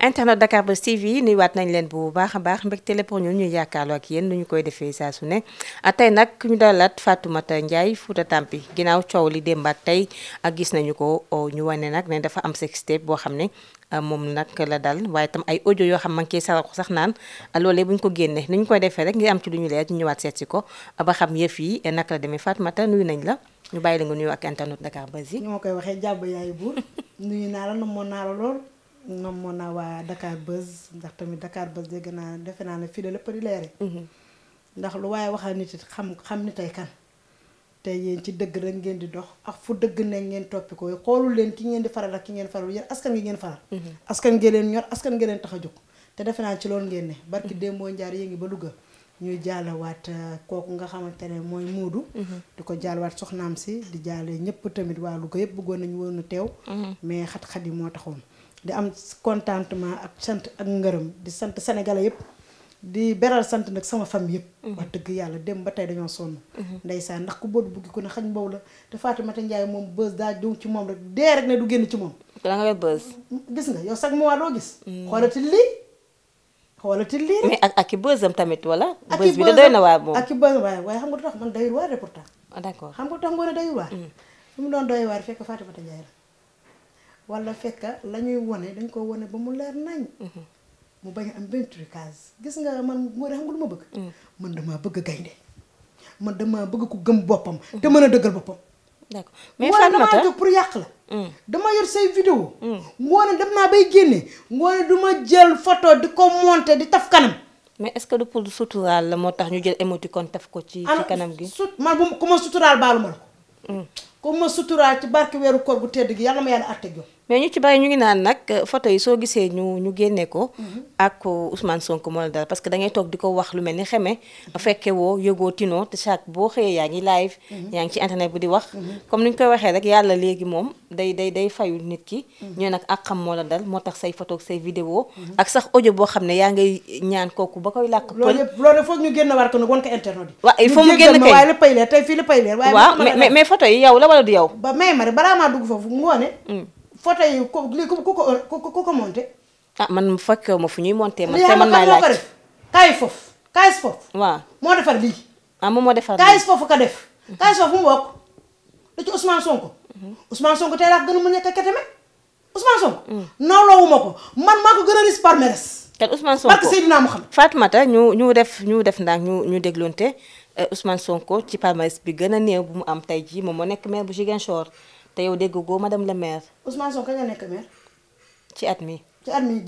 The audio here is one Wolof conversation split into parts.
internet Dakar Buzz TV nuyuwaat nañ leen bu baax a baax mbégte la pour ñun ñuy yaakaarloo ak yéen nu ñu koy defee saa su ne ah, tey nag ñu dalaat Fatoumata Ndiaye Fouta Tampi ginnaaw coow li démb ak tey ak ah, gis nañu ko ñu wane nag ne dafa am sextape boo xam ne ah, moom nag la dal waaye itam ay audio yoo xam ma ngi koy saraxu sax naan loolee bu ñu ko génnee ni ñu koy defee rek ngir am ci lu ñu leer ñu ñëwaat seet si ko ba xam yëf yi eh, naka la demee Fatoumata nuyu nañ la ñu bàyyi la nga nuyu ak internet Dakar Buzz yi. ni ma koy waxee jàbb yaayu buur nuyu naa la namoon naa la nommoon naa waa dakaar Buzz ndax tamit Dakar Buzz dégg naa defe naa ne fii de lépp di leere mhm. ndax lu waaye waxal nit it xam xam ni tey kan te yéen ci dëgg rek ngeen di dox ak fu dëgg ne ngeen toppi ko xoolul leen ki ngeen di faral ak ki ngeen faral yéen askan gi ngeen faral mhm. askan ngeen leen ñor askan ngeen leen tax a jóg te defe naa ci loolu ngeen ne barki mhm. démboo njaar yéen ngi ba Louga ñuy jaalawaat euh, kooku nga xamante ne mooy muudu di ko jaalawaat soxnaam si di jaale ñëpp tamit waa Louga yëpp bëggoon nañu woon a teew mais xat-xat yi moo taxoon di am contentement ak sant ak ngërëm di sant sénégalais yëpp di beral sant nag sama famille yëpp mhm. wax dëgg yàlla dem ba tey dañoo sonn mhm. ndeysaan ndax ku boobu buggi ku ne xañ mbow la te Fatoumata Ndiaye moom bës daa jóg ci moom rek dee rek ne du génn ci moom da nga bës gis nga yow sax mois doo gis mhm. xoolati lii xoolati lii mais ak ak i bësam tamit wala bës bi da doy na waa moom ak i bësam waaye waaye xam nga tax man dayul waar de pourtant ah, d'accord xam nga tax nga ne dayul waar su mu doon doy waar fekk Fatoumata Ndiaye wala fekk la ñuy wone dañ ko wone ba mu leer nañ mhm. mu bañ am benn trucage gis nga man Ngoné xam nga lu ma bëgg mm. man damaa bëgg gaynde man damaa bëgg ko gëm boppam te mm-hmm. mën a dëggal boppam d'accord mais wala damaa jóg pour yàq la mm. dama yor say vidéo mm. Ngoné dem naa bay génne Ngoné du ma jël photo di ko monter di taf kanam mais est-ce que du pour suturaal la moo tax ñu jël kon taf ko ci ci kanam gi sut man bu ku ma suturaal baalu ma la ku ma suturaal ci barke weeru koor gu tedd gi yàlla ma yàlla àtteeg yow mais ñu ci bari ñu ngi naan nag foto euh, yi soo gisee ñu ñu génne ko. Mhm. ak Ousmane Sonko moo la dal parce que da ngay toog di ko wax lu mel ni xeme. Mhm. fekke woo yëgoo tinoo te chaque boo xëyee yaa ngi live. Mhm. yaa ngi ci internet bi di wax. comme ni ñu koy waxee rek yàlla léegi moom day day day fayu nit ki. ñoo nag ak xam moo la dal moo tax say foto ak say vidéo ak sax audio boo xam ne yaa ngay ñaan kooku ba koy làkk. loolu yëpp loolu foog ñu génn war ko nag wan ko internet waaye la pay tey fii la pay leer. may ma photo yi lii ku ko ku ko monté. ah man fekkewu ma fu ñuy monté ma man maay laaj lii xam nga moo kaayis foofu kaayis foofu. moo defar lii. Ah, moo defar mu bokk da ci Ousmane Sonko. Mhm. Ousmane Sonko tey laa gën a mu nekk keteme Ousmane Sonko. Mm. nooloo wu ma ko a ris par meres. te ñu ñu def ñu def ndànk ñu ñu dégloonte eh, Ousmane Sonko ci palmarès bi gën a néew bu mu am tey jii moom moo nekk maire bu Ziguinchor te yow dégg goo madame le maire. Ousmane Sonko kañ la nekk maire. ci at mi. ci at mi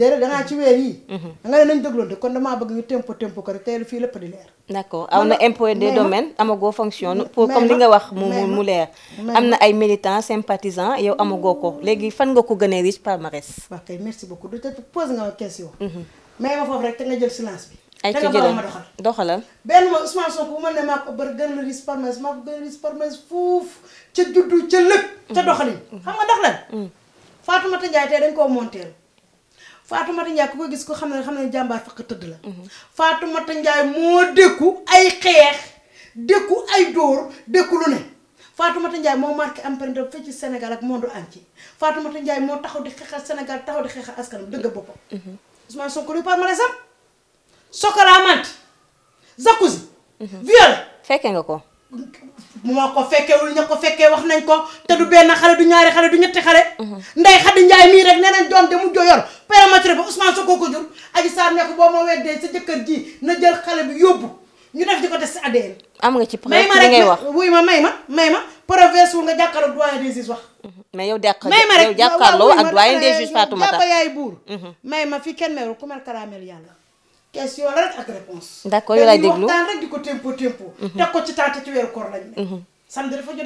ci weer yi mhm. da nga ne nañ dégloonte kon damaa bëgg ñu tempo tempo ko rek teel fii lépp di leer. d' aw na impôt des domaines amagoo fonction pour comme li nga wax mu mu leer. am na ay militants sympathisants yow amagoo ko léegi fan nga ko gënee riche palmarès. waaw kay merci beaucoup du te pose nga ma question. Mhm. mais ma foofu rek te nga jël silence bi. ay ci jëlal doxalal benn ma Ousmane Sonko bu ma ne maa ko bër gën la ris parmes maa ko gën la ris parmes fuuf ca juddu ca lépp ca mm. doxalin xam nga doxalal mm. Fatoumata Ndiaye tey dañ koo monteel Fatoumata Ndiaye gis ko xam ne xam ne jàmbaar fakk tëdd la mm-hmm. Fatoumata Ndiaye moo dëkku ay xeex dëkku ay dóor dëkku lu ne Fatoumata Ndiaye moo marqué empreinte fii ci Sénégal ak monde entier Fatoumata Ndiaye moo taxaw di xeexal senegal taxaw di xeexal askanam dëgg boppam mm-hmm. Ousmane Sonko lu par ma sokoraamante jacuzzi. Mhm. viol. fekke nga ko. moo ko fekkewul ña ko fekkee wax nañ ko te du benn xale du ñaari xale du ñetti xale. Mhm. nday Xadi Njaay mii rek nee nañ doom de mujjoo yor prématuré ba Ousmane ko jur. Adji Sarr ko boo ma weddee ji na jël xale bi yóbbu ñu def di ko test ADN. am nga ci preuve li ngay wax may ma may ma may ma preuve sul nga jàkkaarloo doyen des juges wax. mais yow jàkka yow jàkkaarloo ak doyen des juges Fatoumata mhm. may ma fi kenn meewul ku mel karamel yàlla. question la rek ak réponse. d'accord yow laay déglu waxtaan rek di ko mhm. mhm.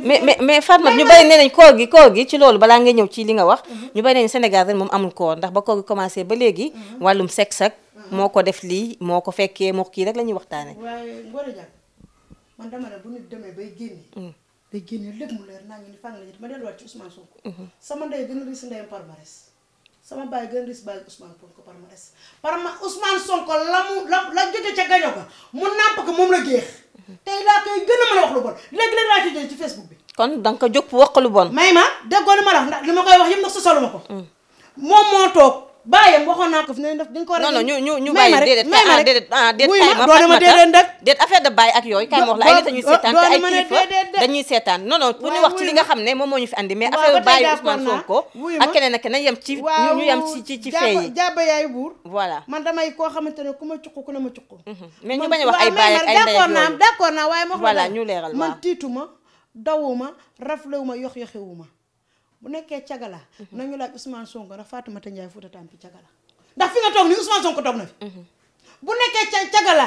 mais mais mais Fatma ñu bari nee nañ koor gi koor gi ci loolu balaa nga ñëw ci li nga wax. Mhm. ñu bari nañ Sénégal ren moom amul koor ndax ba koor gi commencé ba léegi. wàllum sexe ak moo ko def lii moo ko fekkee moo kii rek la ñuy waxtaanee. waaye Ngor Diagne man dama ne bu nit demee bay génne. day génne lépp mu leer naa ngi ni la ñu dama delluwaat ci a gis sama baay gën ris baay Ousmane Sonko par ma es par ma Ousmane Sonko la mu la la jote ca gaño ko mu nàmp ko moom la géex tey laa koy gën a mën a wax lu bon léegi-léegi laa ci jël ci Facebook bi kon danga ko jóg wax lu bon may ma déggoo li ma la wax ndax li ma koy wax yëpp nag sosalu ko mm. moom moo toog bàyyam waxoon naa ko fi ne def dañ ko war a. non non ñu ñu ñu bàyyi déedéet ah déedéet ah déet kay ma doon ma déedéet rek déet affaire de bàyyi ak yooyu kay ma wax la ay nit dañuy seetaan te ay kilifa dañuy seetaan non non pour ñu wax ci li nga xam ne moom moo ñu fi andi mais affaire bàyyi Ousmane Sonko ak keneen ak keneen yem ci ñu yem ci ci ci fee yi jàpp yaayu buur voilà man damay koo xamante ne ku ma cuq ku ne ma cuq mhm. mais ñu bañ a wax ay bàyyi ak ay ndey d'accord naa d'accord naa waaye ma voilà ñu leeral man tiituma dawuma raflewuma yox yoxewuma bu nekkee cagala mhm. nañu laaj Ousmane Sonko ndax Fatoumata Ndiaye a Tampi cagala ndax fi nga toog ni Ousmane Sonko toog na fi mhm. bu nekkee ca cagala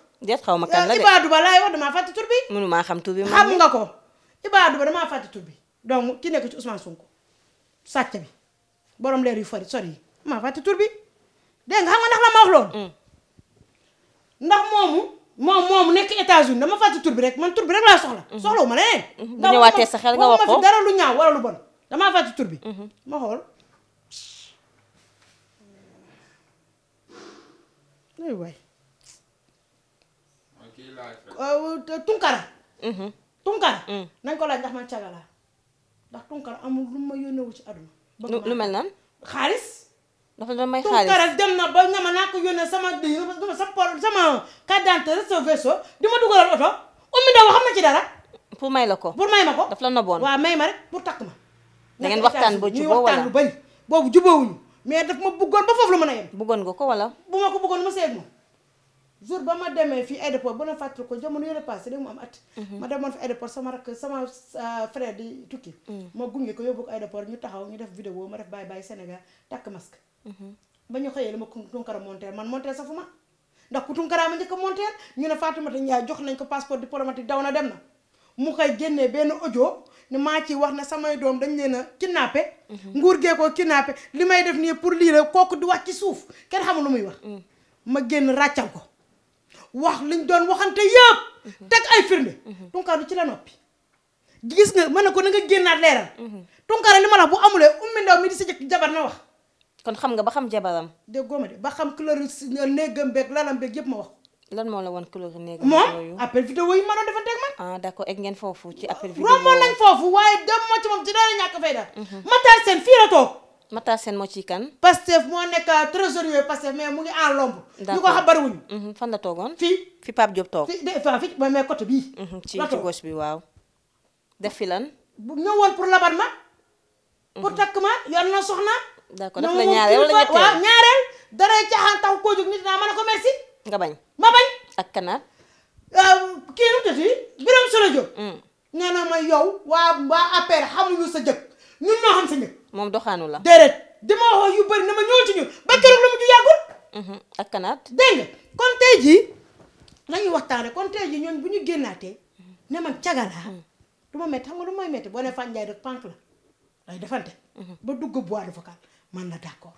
déet xaw ma kan la de Ibadou Ba laay wax damaa fàtte tur bi. mënu maa ko Ibadou Ba damaa bi donc ki nekk ci Ousmane Sonko sàcc bi borom leer yu fari sori yi maa fàtte tur bi dégg nga xam nga ndax la ma loolu. Mm. ndax moomu moomu nekk États-Unis dama fàtte tur bi rek man tur bi rek laa soxla. Mm-hmm. soxlawu ma leneen. Mm-hmm. bu ñëwaatee sa xel nga wax ko dara lu ñaaw wala lu bon damaa fàtte tur bi. Mm-hmm. ma xool. aywaay. Euh, euh, tunkara mm-hmm. tunkara mm. nañ ko laaj ndax man caga laa ndax tunkara amul lu ma yónnewu ci àdduna lu mel nan xaalis dafa doon may xaalis tunkara dem na ba ñama naa ko yónnee sama sa pol sama carte d'identité réseau verso di ma dugalal oto ummi doo na ci dara pour may la ko pour may ma ko daf la noboon waaw may ma rek pour takk ma da ngeen waxtaan ba juboo wala waxtaan lu bëri boobu jubóowuñu mais daf ma bëggoon ba foofu la mën a yem bëggoon nga ko wala bu ma ko bëggoon ma seet moom jour ba ma demee fii aéroport bu na fàttali ko jamono yële passé da mu am at mhm. ma demoon fi euh, mhm. ko yóbbu ko ñu taxaw ñu def vidéo ma def bàyyi bàyyi Sénégal takk masque mhm. ba ñu xëyee la ma tunkara monteer man monteer safu ma ndax ku tunkaraa ma njëkk a monteer ñu ne Fatoumata Ndiaye jox nañ ko passeport diplomatique daw na dem na mu koy génnee benn audio ne maa ci wax ne samay doom dañ leen a kidnappé nguur gee ko kidnappé li may def nii pour lii la kooku di wax ci suuf kenn xamul lu muy wax mm. ma génn ràccal ko wax liñ doon waxante yëpp mhm. teg ay firnde mhm. Tunkara du ci la noppi gis nga mën na ko na nga génnaat leeral mhm. Tunkara li ma la bu amulee ummi ndaw mi di sa jëkk jabar na wax kon xam nga ba xam jabaram de ma de ba xam couleur euh, néegam beeg lalam beeg yëpp ma wax lan moo la woon couleur néegam moom appel vidéo yi ma doon defanteeg man ah d'accord ak ngeen foofu ci appel vidéo romboon nañ foofu waaye dem ci moom ci daal ñàkk fay daal Matar Matar Sène moo ciy kan. Pastef moo nekk trésorier Pastef mais mu ngi en l'ombre. ñu ko xam bariwuñu. Mhm, fan la toogoon. fi fi mooy mais côté mhm, fi ma. Mhm. ma yor la ñaareel wala ñetteel waaw ñaareel. dara caaxaan taxu koo jóg nit naa mën a ko merci. nga bañ ma bañ. ak kanaat. Euh, kii nu tëti Birame Souleye Diop. Mm. nee na ma yow waa waa APR xamuñu sa jëkk ñun ñoo xam sa njëkk. moom doxaanu la. déedéet dama waxoon yu bëri na ma ñëwal ci ñun ba keroog la mu ju yàggul. Mhm. ak kanaat. kon tey jii la ñuy kon tey jii bu ñu génnaatee ne man cagalaa mhm. du ma métti xam nga lu may mhm. ba dugg bois de vocal man la d' accord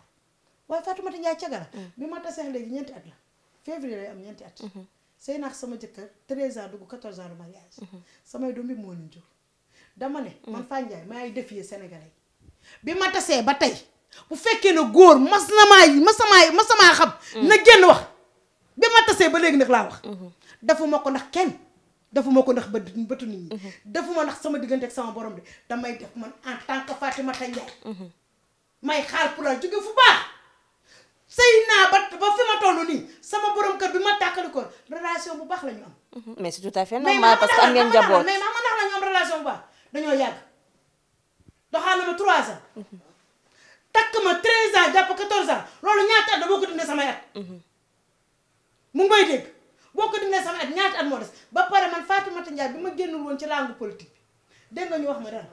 waaye Fatoumata Ndiaye cagala. bi ma tasee léegi ñeenti at la février lay am ñeenti at. sëy naax sama jëkkër 13 ans dugg 14 ans de mariage. samay doom bi moo leen jur dama ne. man Fane Ndiaye maay défier sénégalais. bi ma tasee ba tey bu fekkee ne góor mas na maa yi mas na mas na maa xam. Mm. na génn wax bi ma tasee ba léegi nag laa wax. Mm-hmm. dafuma ko ndax kenn dafuma ko ndax bët bëtu nit ñi. Mm-hmm. dafuma ndax sama diggante ak sama borom de damay def man en tant que ma Ndiaye. Mm-hmm. may xaar pour la jóge fu baax. sëy naa ba ba fi ma toll nii sama borom kër bi ma tàkkali ko relation bu baax la ñu am. mais c'est tout à fait normal parce ma ndax la am relation bu baax dañoo yàgg. doxaan na ma 3 ans. takk ma 13 ans jàpp 14 ans loolu ñaata at la boo ko dindee samay at. mu ngi may dégg boo ko dindee samay at ñaata at moo des ba pare man Fatimata Ndiaye bi ma génn woon ci làngu politique bi dégg nga ñu wax ma dara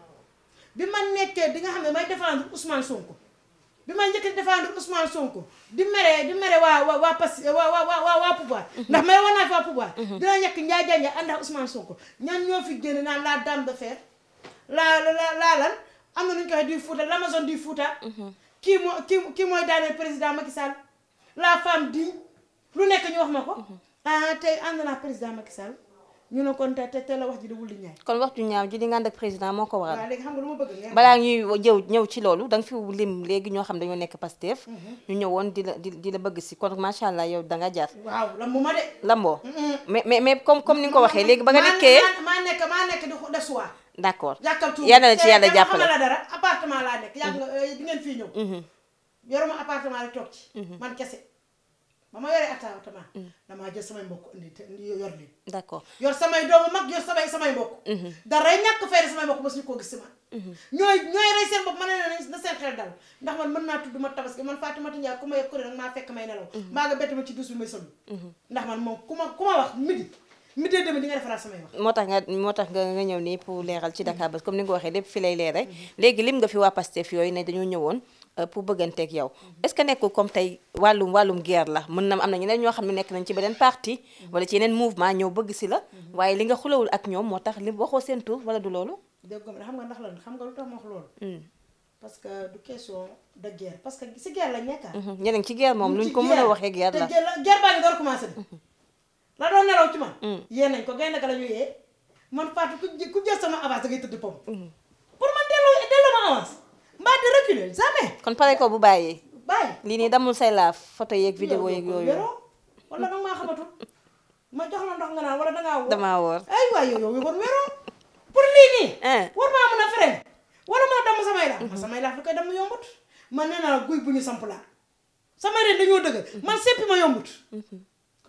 bi ma nekkee di nga xam ne may défendre Ousmane Sonko. bi ma njëkk défendre Ousmane Sonko di mere di mere waa waa waa pass waa waa waa pouvoir ndax mere woon fi waa pouvoir dina ñekk njaay jaay njaay ànd ak Ousmane Sonko ñan ñoo naan la dame de fer la la la am na nu ñu koy du Fouta l'Amazone du Fouta. Mhm. kii moo kii kii mooy daaneel président Macky Sall la femme digne lu nekk ñu wax ma ko. Mhm. ah tey ànd naa président Macky Sall ñu ne kon wax ji di ji di nga ànd ak président moo ko waral. loolu da nga lim léegi ñoo xam dañoo nekk Pastef. Mhm. ñu ñëwoon di la di la bëgg si kon macha allah yow da nga jaar. waaw lambu ma de. lamboo. mais mais mais comme comme ni ko waxee léegi ba nga nekkee. nekk maa nekk di d'accord yal na ci yàlla jàppale la dara appartement laa nekk yàgg nga mm-hmm. eh, di ngeen fii ñëw mm-hmm. yoruma appartement rek toog ci mm-hmm. man kese ba ma yoree appartement damaa jël samay mbokk indi te indi yor leen d'accord yor samay doomu mag yor samay samay mbokk ñàkk fay samay mbokk ba suñu koo gis si man ñooy ñooy rey seen bopp ma ne leen na seen xel dal ndax man mën naa tudd ma tabaski man Fatimata Ndiaye ku ma yëg kuréel rek maa fekk may nelaw mbaa nga bett ma ci duus bi may solu ndax man moom ku ma ku ma wax météo tamit di nga defaraat samay wax. moo tax nga moo tax nga nga ñëw nii pour leeral ci Dakar Buzz comme ni nga waxee lépp fi lay leeral. léegi lim nga fi waa Pastef yooyu ne dañoo ñëwoon euh, pour bëgganteeg yow mhm. est-ce que nekkul xam ne nekk nañ ci beneen parti mhm. wala ci yeneen mouvement ñëw bëgg si la mhm. waaye li nga xulawul ak ñoom moo tax li waxoo seen tur wala du loolu dégg hmm. parce que du question de guerre parce que si guerre lañ nekk ko a waxee guerre la la doon nelaw ci man. Mm. yee nañ ko gaynde ga la ñu yee man Fatou ku jël ku jël sama avance dangay tëdd pom. Mm. pour man delloo delloo ma avance mbaa di reculer jamais. kon pare ko bu bàyyee. bàyyi lii nii damul say laaf photo yeeg vidéo yeeg yooyu. wala ma jox la ndox nga naan wala dangaa woor. damaa woor ay waay yow yow pour lii nii. Eh. war maa mën a fere wala mën a damm samay laaf. ma samay laaf li koy damm yombut man nee naa guy bu ñu samp laa samay reen dañoo dëgg man seppi ma yombut. Mm-hmm.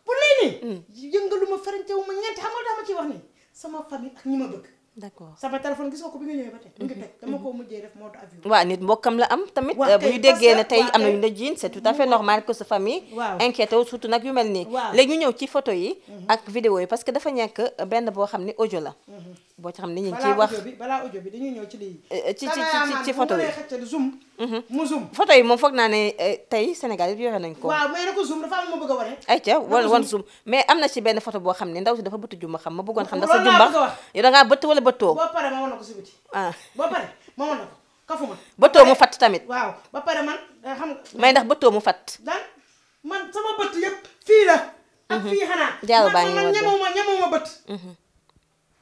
pour léegi nii. Mm. yëngaluma ferante wu ma ñeenti xam nga dama wax nii sama famille ak ñi ma bëgg. d'accord sama téléphone gis nga ko bi nga ñëwee ba tey. mu ngi mm-hmm. toj dama mm-hmm. ko mujjee def mode avion. waaw nit mbokkam la am tamit. bu ñu déggee ne tey am na ñu la jiin c'est tout à fait normal que sa famille. waaw inquiété surtout nag yu mel nii. waaw léegi ñu ñëw ci photo yi. Mm-hmm. ak vidéo yi parce que dafa ñekk benn boo xam ne ojo la. boo ci xam ni ñu ngi ciy wax balaa audio bi dañuy ñëw ci lii. Eh, eh, ci ci ci ci photo yi mm-hmm. mu zoom. photo yi moom foog naa ne eh, tey Sénégal yi yore nañ ko. waaw mais ko zoom dafa am ma bëgg a wane. ayca wan wan zoom mais am na ci benn photo boo xam ne ndaw si dafa bëtt jumba xam ma bëggoon xam. dafa jumba yow da ngaa bëtt wala bëttoo. boo pare ma wan ko si biti. ah boo pare ma wan ko kafuma. bëttoo mu fatt tamit. waaw ba pare man xam nga. may ndax bëttoo mu fatt. daan man sama bëtt yëpp fii la. ak mm-hmm. fii xanaa. jaaw baa ngi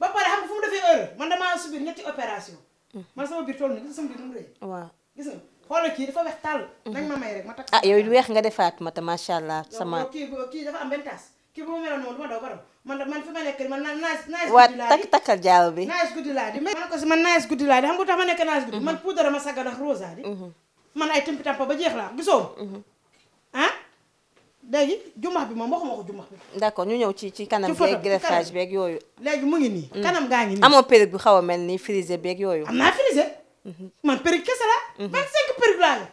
ba pare xam nga fu mu defee erreur man damaa subir ñetti opération. man sama biir tool gis nga xoolal kii dafa weex mm-hmm. ma may rek takk. ah weex nga defaat ma te macha allah. sama kii kii dafa am benn kii bu ma ma daw ba man man fi ma nekk man naaj naaj. guddi bi. naaj guddi laa di man ko si man naaj guddi laa di xam nga tax ma nekk naaj guddi. Mm-hmm. man di. Mm-hmm. man ay timpitampa ba jeex laa gisoo. léegi jumax bi moom waxuma ko jumax bi. d'accord ñu ñëw ci ci kanam beeg greffage beeg yooyu. léegi mu ngi nii. Mm. kanam gaa ngi nii. amoo perruque bu xaw a mel ni frisé beeg yooyu. am naa frisé. Mhm. la. Mhm.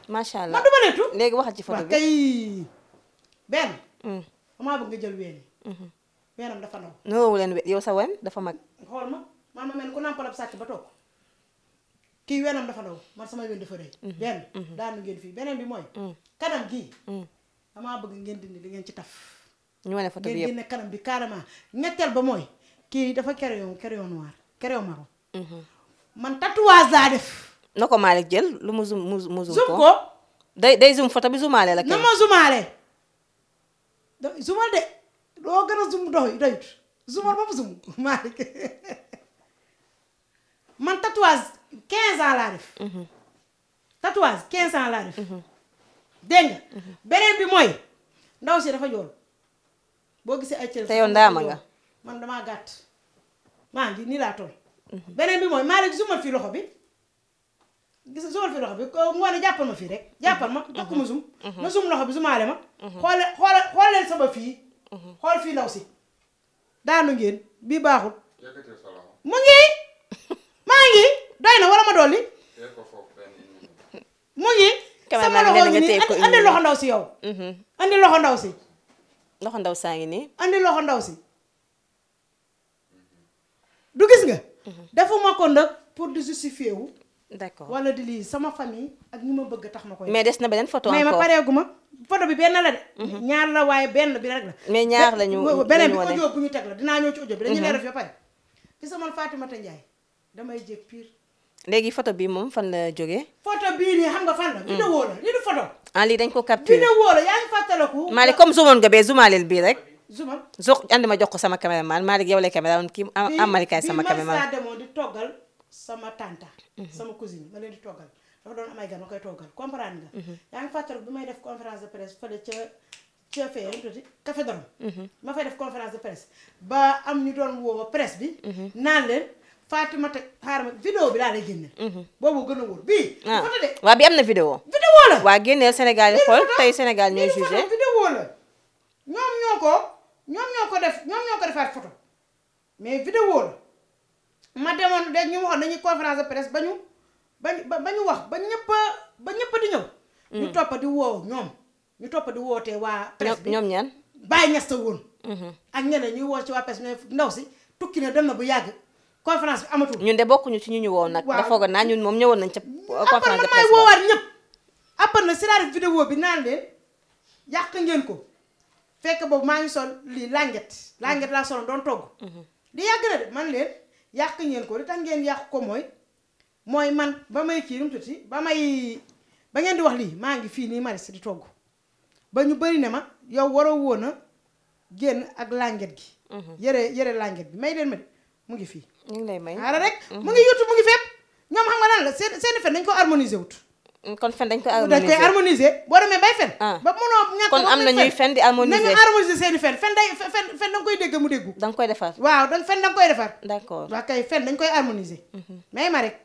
macha allah man ma nettu. léegi waxal ci photo bi kay benn. Mm. maa bëgg nga jël ween mhm. dafa ndaw. nuroowu leen yow dafa mag. xool ma man ma mel ku nàmpalab sàcc ba toog kii weenam dafa ndaw man sama ween rëy. benn daanu ngeen fii beneen bi mooy. Mm. kanam gii. damaa bëgg ngeen dindi li ngeen ci taf. ñu wane photo bi yëpp ngeen génne kanam bi carrément ñetteel ba mooy kii dafa crayon crayon noir crayon marron. Mhm. man tatouage laa def. na ko Malick jël lu mu zoom mu zoom ko zoom ko. day day zoom photo bi zoomaale la. man tatouage 15 def. Mhm. tatouage 15 def. Mhm. dégg beneen bi mooy ndaw si dafa ñool boo gisee ay cër. te yow ndaama nga man damaa gàtt maa ngi nii laa toll. beneen bi mooy maa la sumal loxo bi gis nga sumal fii loxo bi ngoone fii rek jàppal ma takku ma sum. loxo bi sumaale sama fii. xool fii ndaw si daanu ngeen bii baaxul. ngi doy na wala ma dolli. mu ngi. sama loxo ngi nii andi loxo ndaw si yow. Mm-hmm. andi loxo ndaw si. loxo ndaw saa ngi nii. andi loxo ndaw si. du gis nga. Mm-hmm. defuma ko nag pour di justifier wu. d'accord wala di lii sama famille ak ñi ma bëgg tax ma koy. mais des na beneen photo encore mais ma pareegu ma photo bi benn la de. Mm-hmm. ñaar la waaye benn bi rek la. mais ñaar la ñu beneen bi audio bu ñu teg la dinaa ñëw ci audio bi. dañu leeral fi ba pare. gis nga man Fatimata Ndiaye damay jég pire. léegi photo bi moom fan la jógee. photo bii nii xam nga fan la. vidéo mm. la lii du photo. ah lii dañ ko capturé vidéo la yaa ngi fàttaliku. Malick comme zoomoon nga bee zoomaaleel bii rek. zoomal zo andi ma jox ko sama caméraman Malick yow lay caméra woon kii mm-hmm. ma koy toggal comprendre nga. Mm-hmm. yaa ngi fàttaliku bi may def conférence de presse fële ca ca fee tuuti café Dorom. Mm-hmm. ma fay def conférence de presse ba am ñu doon woo presse bi. naan leen. Fatimata xaaral ma vidéo bi laa lay génneel. Mhm. boobu gën a wóor bii. ah waaw bi am na vidéo. vidéo la waaw génneel Sénégal yi xool tey Sénégal ñooy jugé. vidéo la ko ñoom ñoo ko def ñoom ñoo defaat photo mais vidéo la ma demoon de ñu waxoon nañu conférence de presse ba ñu ba ba ñu wax ba ñëpp a ba ñëpp di ñëw. Mm. ñu topp di woo ñoom ñu topp di wootee waa. presse bi ñoom ñaan. bàyyi ñasta woon. Mhm. ak ñeneen ñuy woo ci waa presse bi ndaw si tukki na dem na bu yàgg. conférence bi amatul. ñun de bokkuñu ci ñu ñu woo nag. waaw dafa foog naa ñun moom ñëwoon nañ ca. conférence de presse woowaat ñëpp. après na siraat vidéo bi naan leen yàq ngeen ko fekk boobu maa ngi sol lii langet langet laa soloon doon togg. di mhm. man leen yàq ngeen ko li tax ngeen yàq ko mooy mooy man ba may kii nu mu tuuti ba may ba ngeen di wax lii maa ngi fii nii maris di togg ba ñu bari ne ma yow waroo woon a génn ak lànget gi. Mhm. yëre yëre langet bi may leen ma de. mu ngi fii. ñu ngi lay may xaaral rek. Mhm. mu ngi YouTube mu ngi fépp ñoom xam nga lan la fen dañ ko harmoniser wut. Mm, kon fen dañ koy harmoniser dañ koy harmoniser boo demee bay fen. Ah. ba mënoo ñàkk am na ñuy di harmoniser nañu harmoniser seen i fen fen day fen koy dégg mu déggu. da koy defar waaw da fen da nga koy defar. d'accord waaw kay fen dañ koy harmoniser. Mhm. may ma rek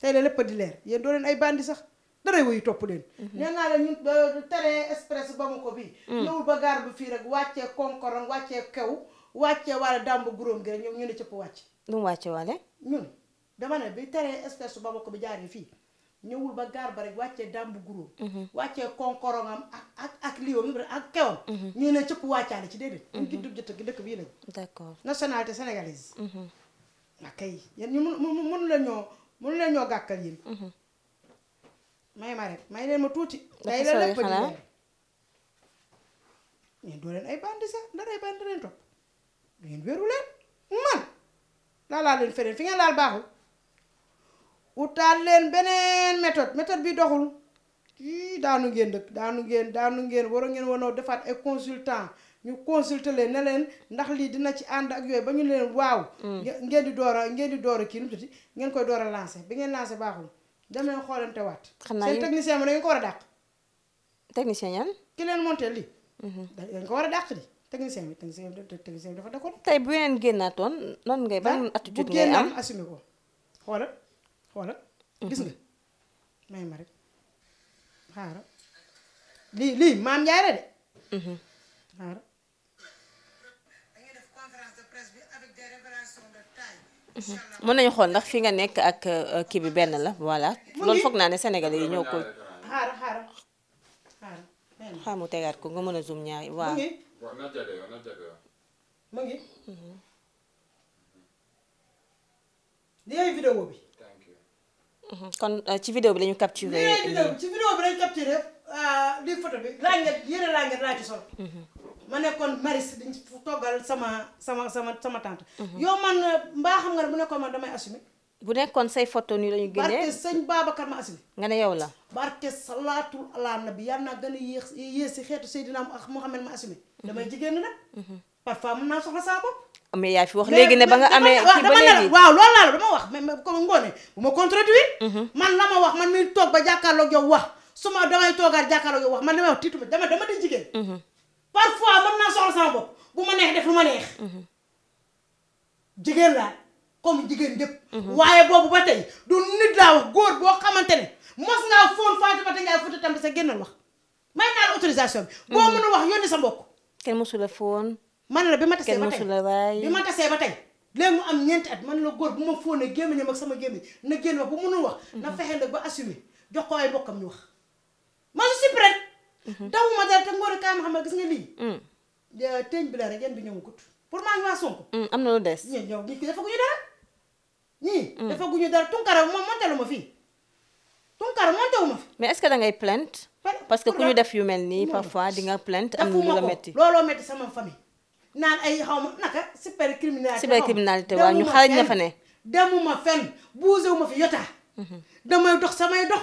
tey la lépp di leer yéen doo leen ay bandi sax daray woyu topp leen. Mhm. nee naa la ñun euh, tere express ba mu ko bii. Mm. ñëwul ba gaar bu fii rek wàccee konkorong wàcce kew wàcce wala dàmb guróom gi rek ñoom ñu ne cëpp wàcc lu wàcce wale ñun dama ne bi teree espèce ba bokk bi jaaree fii ñëwul ba gaar ba rek wàccee dàmb guróom mhm. wàccee konkorongam ak ak ak ak kewam mhm. ñu ne cëpp wàccaale ci déedéet ñu giddub jëtt gi dëkk bii lañ d'accord nationalité sénégalaise waa mhm. kay yéen ñu mun mënu la ñoo mënu la ñoo gàkkal yéen may ma rek may leen ma tuuti day la lépp di mais doo leen topp ngeen wéru leen laa laalaal leen feneen fi ngeen laal baaxul utaal leen beneen méthode méthode bi doxul kii daanu ngeen dëkk daanu ngeen daanu ngeen war ngeen wanoo defaat ay consultant ñu consulter leen ne leen ndax lii dina ci ànd ak yooyu ba ñu leen waaw mm. ngeen di door a ngeen di door a kii nu tuuti ngeen koy door a lancé bi ngeen lancé baaxul dem leen xoolante waat seen technicien bi da ko war a dàq technicien yan ki leen monté lii mm-hmm. dañ ko war a dàq di technicien bi technicien bi technicien bi dafa d'accord. tey bu yeneen génnaatoon noonu ngay. ban attitude ngay am bu génnaam assumé ko xoolal xoolal. Mhm. gis nga may ma rek xaaral lii lii maam Ndiaye la de. Mhm. xaaral. Mhm. mën nañu xool ndax fi nga nekk ak euh, kii bi benn la voilà. loolu foog naa ne Sénégalais yi ñoo ko. xaaral xaaral xaaral. xaamu tegaat ko nga mën a zoom ñaari waaw. Wanadjalewa, wanadjalewa. Mangi? Mhm. Liyay bi. kon ci vidéo bi lañu capturé. liyay vidéo ci vidéo bi lañu capturé lii photo bi langet yére langet laa sol. ma nekkoon maris di toggal sama sama sama sama tante. yow man mbaa xam nga ne bu nekkoon man damay assumé. bu nekkoon say photo nii lañu ñu barke sëñ baabakat ma assumé. nga ne yow la. barke salaatul ala nabi yàlla naa gën a yéex yéex si xeetu Seydina Muhammad ma assumé. damay jigéen nag. parfois mën naa soxla saa bopp. mais yaa fi wax léegi ne ba nga amee. kii ba léegi waaw loolu laa la dama wax mais comme ngoone bu ma contredire. Mhm. man la ma wax man mi toog ba jàkkaarloog yow wax su ma damay toogaat jàkkaarloog yow wax man li may wax dama dama di jigéen. Mhm. parfois mën naa soxla sama bopp bu ma neex def lu ma neex. Mhm. jigéen laa comme jigéen ñëpp. waaye boobu ba tey du nit laa wax góor boo xamante ne mos ngaa fóon Fatou Ndiaye Fouta Tampi sa génnal wax may naa la autorisation bi. boo mënul wax yónni sa mbokk. kenn mësu la fóon. man la bi ma tasee ba tey kenn mësu la ma tasee ba tey. léegi mu am ñeenti at man la góor bu ma fóonee gémmiñam ak sama gémmiñ na génn wax bu mënul wax. na mhm. fexe nag ba assumer jox ko ay mbokkam ñu wax. ma su si prête. Mhm. dawuma dara te Ngor Kaama xam nga gis nga lii. Mm. teeñ bi la rek yan bi ñëwagut pour maa ngi waa Sonko. Mm, am na lu des ñun ñëw nit ki dafa guñu dara. ñii mm. dafa guñu dara tunkara moom monté lu ma fii tunkara monté wu ma fi. mais est-ce que da ngay plainte parce que ku ñu def yu mel nii parfois di nga plainte am lu la metti looloo metti sama famille naan ay xaw ma naka cyber criminalité cyber criminalité waaw ñu xarañ na fa ne demuma fenn bougé wu ma fi yotaa mhm. damay dox samay dox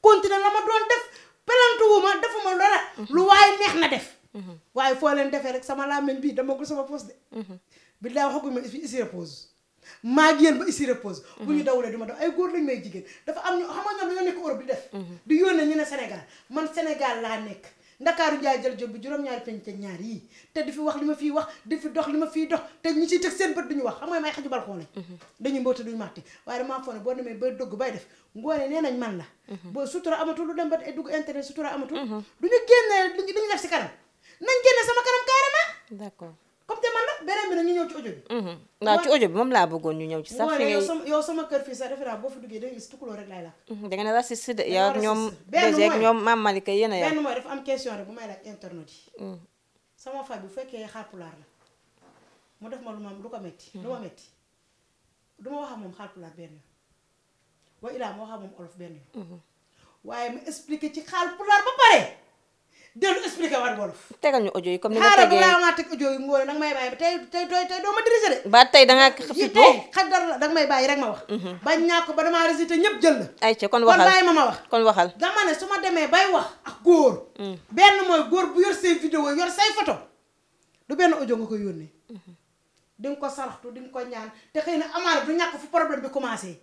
continuer la ma doon def pelantu ma defuma dara mhm. lu waaye neex na def mhm. waaye foo leen defe rek sama làmmiñ bii dama ko sama poste de bi laa waxaguma fi isi repose maa ngi ba ici repose mm-hmm. bu ñu dawulee du ma daw ay góor lañ may jigéen dafa am ñu xam nga ñoom dañoo nekk Europe di def mm-hmm. di yónnee ñu ne Sénégal man Sénégal laa nekk ndakaaru njaay jël job bi juróom-ñaari penc ñaar yi te di fi wax li ma fiy wax di fi dox li ma fiy dox te ñu ciy teg seen bët duñu wax xam may xaju bal xoole mm-hmm. dañuy mboote duñu màtti waaye damaa foog ne boo demee ba dugg bay sutura amatul lu dem ba dugg internet def si kanam nañ comme te man nag beneen bi na ñu ñëw ci mhm. audio bi. moom laa bëggoon ñu ñëw ci sax. fi ngay yow sama kër fii sax defe naa boo fi duggee da ngay gis rek laay laaj. Mhm, da nga ne raciste de yow ak ñoom. ñoom a benn mooy dafa am question rek bu may laaj internet yi. Mhm. sama fay bu fekkee xaarpulaar la mu def ma lu ma lu ko metti lu ma metti du ma wax ak moom xaarpulaar benn yoon. wa ilaa ma wax ak moom olof benn yoon. waaye ma expliqué ci xaarpulaar ba pare. dellu expliqué waat wolof. tegal ñu audio yi comme ni nga tegee xaaral balaa teg audio yi mu wóor nag may bàyyi tey tey tey doo ma de. ba tey da ngaa xëy dara la danga may bàyyi rek ma wax. Mhm. bañ ñàkk ba damaa résulté ñëpp jël la. ayca kon waxal kon bàyyi ma ne su ma demee bay wax ak góor. Mm. benn mooy góor bu yor say vidéo yor say photo du benn audio nga koy yónnee. Mhm. di nga ko saraxtu di nga ko ñaan te xëy na amaana du ñàkk fu problème bi commencé.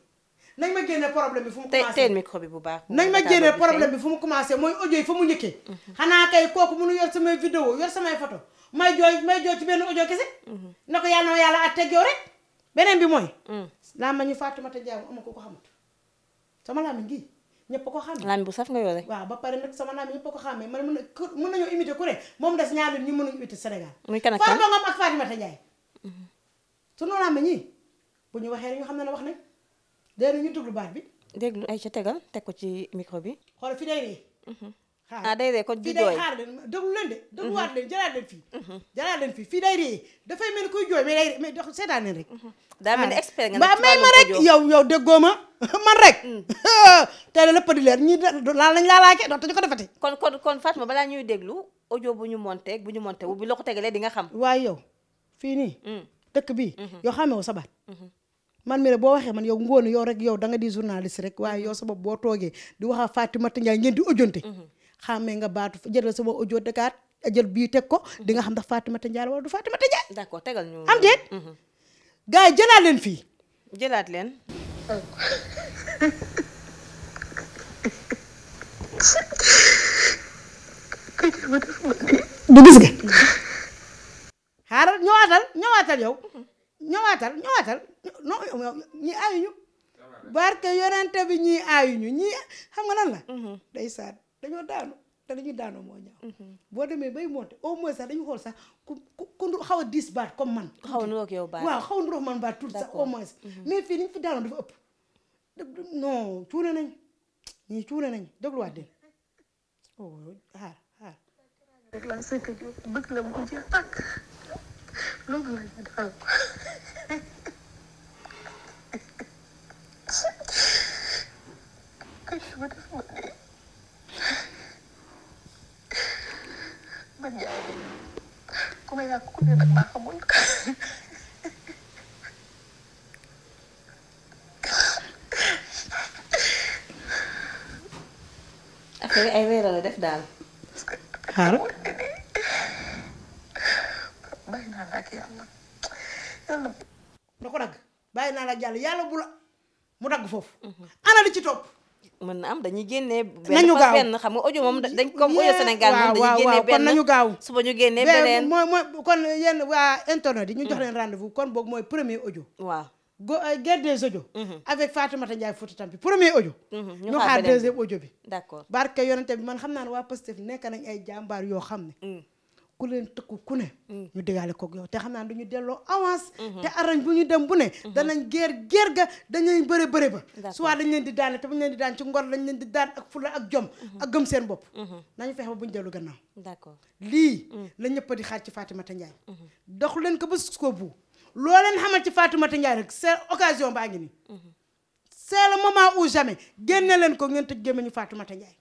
nañ ma génnee problème bi fu mu commencé teel micro bu baax nañ ma génnee problème bi fu mu commencé mooy audio yi fa mu njëkkee mhm. xanaa kay kooku mënu yor samay vidéo yor samay photo may jooy may jooy ci benn audio kese mhm. na ko yàlla na yàlla àtteeg yow rek beneen bi mooy mm. laa ma ñu Fatoumata Ndiaye amu ko ko xamut sama laa mi ngi ñëpp ko xàmmee laam bu saf nga yore waaw ba pare nag sama naam ñëpp ko xàmmee man mën na mën nañoo imiter ku ne moom des ñaar nit ñu mën a imiter Sénégal Farba Ngom ak Fatimata Ndiaye mhm. sunu laam ñi bu ñu waxee ñu xam ne ne wax nañ léegi ñu lu baat bi. déglu ay ca tegal teg ko ci micro bi. xool fi day ree. Mhm. xaar ah day ree kon di jooy fii day xaar leen déglu leen de. dégluwaat mhm. leen jëlaat leen fii. Mhm. jëlaat leen fii fii day ree dafay mel ni kuy jooy mais day mais dox seetaan leen rek. daa mel ni expert nga nag may ma rek yow yow déggoo ma man rek. Mm. tey de lépp di leer ñii laal nañ laa ko defati. kon kon kon Fatma balaa ñuy déglu audio bu ñu monté bu ñu monté wu bi loo ko tegalee di nga xam. waaye yow fii nii. Mm. dëkk bi. yoo xamee wu sa man mi boo waxee man yow ngoon yow rek yow da nga di journaliste rek waaye yow sa boo toogee di wax ak Fatimata Ndiaye ngeen di aujonte mhm. xammee nga baatu jëlal sama audio Dakar jël bii ko mhm. di nga xam ndax Fatimata Ndiaye wala du Fatimata Ndiaye d'accord tegal ñu am déet mhm. gars yi jëlaat leen fii jëlaat xaaral ñëwaatal ñëwaatal yow ñëwaatal ñëwaatal non ñii aayuñu barke yonente bi ñii aayuñu ñii xam nga lan la mhm. day saat dañoo daanu te dañuy daanu moo ñaaw mhm. boo demee bay monté au moins sax dañu xool sax ku ku xaw a diis baat comme man xaw nu ak yow baat waaw xaw nu man baat tuuti sax au moins mhm. mais fii liñ fi daanoon dafa ëpp non cuune nañ ñii cuune nañ dégluwaat den o oh, xaar xaar lu ku ma yàgg ku ne nag maa xamul affaire ay weeral def daal yàlla ak yàlla ko dagg bàyyi naa la jàll yàlla bu la mu dagg foofu. Mhm. ana li ci topp. mën na am dañuy génnee. nañu gaaw benn xam nga audio moom dañ comme audio Sénégal moom dañuy génnee benn kon nañu gaaw suba ñu génnee beneen. kon yéen waa internet yi ñu jox mhm. leen rendez-vous kon boog mooy premier audio. waaw. go euh, guerre des audios. Mhm. avec Fatoumata Ndiaye Fouta Tampi premier audio. ñu xaar deuxième audio bi. d'accord barke yonente bi man xam naa ne waa Pastef nekk nañ ay jàmbaar yoo xam ne. Mm. ku leen tëkku ku ne mm. ñu dégaale koog yow te xam naa duñu delloo avance mm-hmm. te arañ bu ñu dem bu ne mm-hmm. danañ géer géer ga dañuy bëre bëre ba soit dañ leen di daane te buñ leen di daan ci ngor lañ leen di daan ak fula ak jom mm-hmm. ak gëm seen bopp nañu fexe ba buñu dellu gannaaw d'accord lii mm. la ñëpp di xaar ci Fatimata Ndiaye dox leen ko ba sus ko bu loo xamal ci Fatimata Ndiaye rek c'est occasion baa ngi nii c'est moment ou jamais génne leen ko ngeen tëj gémmiñu Fatimata Ndiaye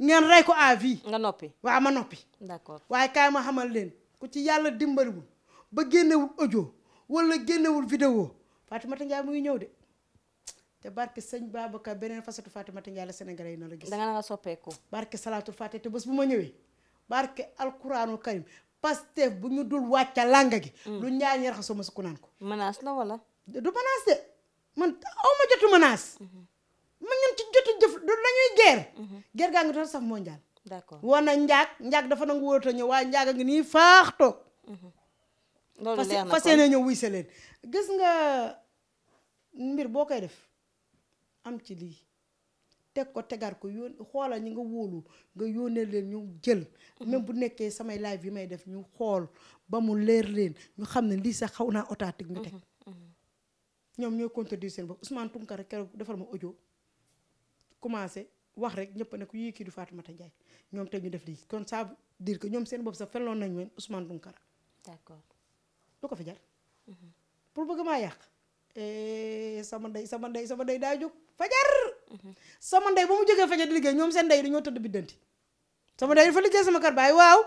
ngeen rey ko à nga noppi waaw ma noppi. d'accord waaye kaay ma xamal leen ku ci yàlla dimbaliwul ba génnewul audio wala génnewul vidéo Fatimata Ndiaye mu ngi ñëw de te barke sëñ Babacar beneen façatu Fatimata Ndiaye la Sénégalais yi na la gis. da nga nga soppeeku. barke salaatul Faati te bés bu ma ñëwee barke alquraanu karim Pastef bu ñu dul wàcca lànga gi. Mm. lu ñaar ñi raxasoo ma sukk naan ko. menace la wala. du menace de man aw ma jotu menace. Mm-hmm. mu ñun ci jot a jëf du dañuy geer mhm. geer gaa ngi doon sax mondial d'accord woon na njaag njaag dafa nangu wóor a ñëw waaye njaag a ngi nii faax toog mhm. loolu leer na fas yéene ñëw wuy sa leen gis nga mbir boo koy def am ci lii teg ko tegaat ko yóon xoolal ñi nga wóolu nga yónnee leen ñu jël mhm. même bu nekkee samay live yi may def ñu xool ba mu leer leen ñu xam ne lii sax xaw naa otaatik ñu teg ñoom ñooy contredire seen bopp Ousmane keroog defal ma audio commencé wax rek ñëpp ne ku yii kii du Fatoumata Ndiaye ñoom te ñu def lii kon ça diir dire ñoom seen bopp sax fenloon nañu leen Ousmane Tounkara. d'accord lu ko fi jar. Mhm. pour bëgg maa yàq. Eh, sama ndey sama ndey sama ndey daa jóg fajar. Mhm. sama ndey ba mu jógee fajar di ñoom seen ndey dañoo tëdd biddanti. sama sama baay waaw.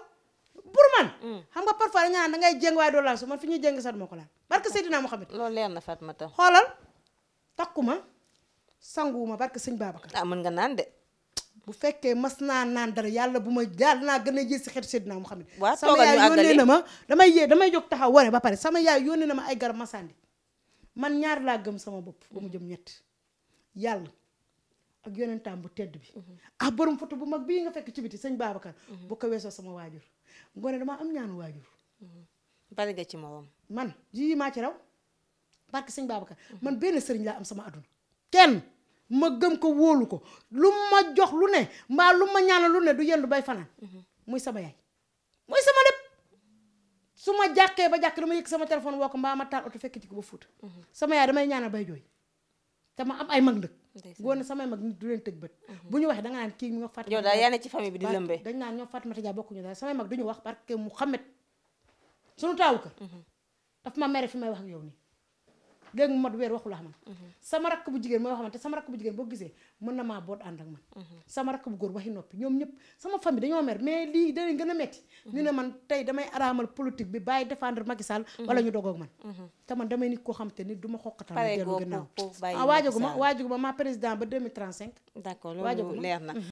pour man. Mm. xam nga parfois dañu naan da ngay jéng doo laal su man fi ñuy jéng ko laal. parce que Seydina Mohamed. loolu leer na Fatoumata. xoolal takkuma. sanguwuma barke sëñ Babacar. ah mën nga naan de. bu fekkee mas naa naan dara yàlla bu ma daal naa gën a yées si xeetu Seydina Muhammad. waaw sama yaay yónnee na ma damay yee damay jóg taxaw wane ba pare sama yaay yónnee na ma ay garab masandi man ñaar laa gëm sama bopp ba mu jëm ñett yàlla ak yonentaam bu tedd bi. Mhm. ah borom foto bu mag bii nga fekk ci biti sëñ Babacar. Mhm. bu ko weesoo sama waajur. ngoone damaa am ñaanu waajur. Mhm. bari nga ci moom. man ji maa ci raw barke man benn sëriñ laa am sama aduna ma gëm ko wóolu ko lu ma jox lu ne mbaa lu ma ñaanal lu ne du yendu bay fanaan mhm. muy sama yaay muy sama lépp su ma jàkkee ba jàkk dama yëg sama téléphone woo ko mbaa ma fekk ko ba fuuta mhm. sama yaay damay ñaanal bay jooy te ma am ay mag ndëkk góor ne samay mag nit du leen tëj bët mhm. bu ñu waxee da nga naan kii mi nga fàtt yow daal yaa ne bi di lëmbee dañ naan ñoo Fatimata Dia bokkuñu daal samay mag duñu wax parce que Mouhamed suñu taawu ka daf ma mere fi may wax ak yow nii léegi mu mat weer waxul xam man mhm. sama rakk bu jigéen mooy xamante sama rakk bu jigéen boo gisee mën na maa boot ànd ak man mhm. sama rakk bu góor waxi noppi ñoom ñëpp sama famille dañoo mer mais lii dañuy gën a metti mhm. ñu ne man tey damay araamal politique bi bàyyi défendre Macky Sall ñu dogoog man te man damay nit koo xamante ni du ma xoqatal dellu gannaaw waaw ah, waajaguma waajaguma ma président ba 2035 d'accord loolu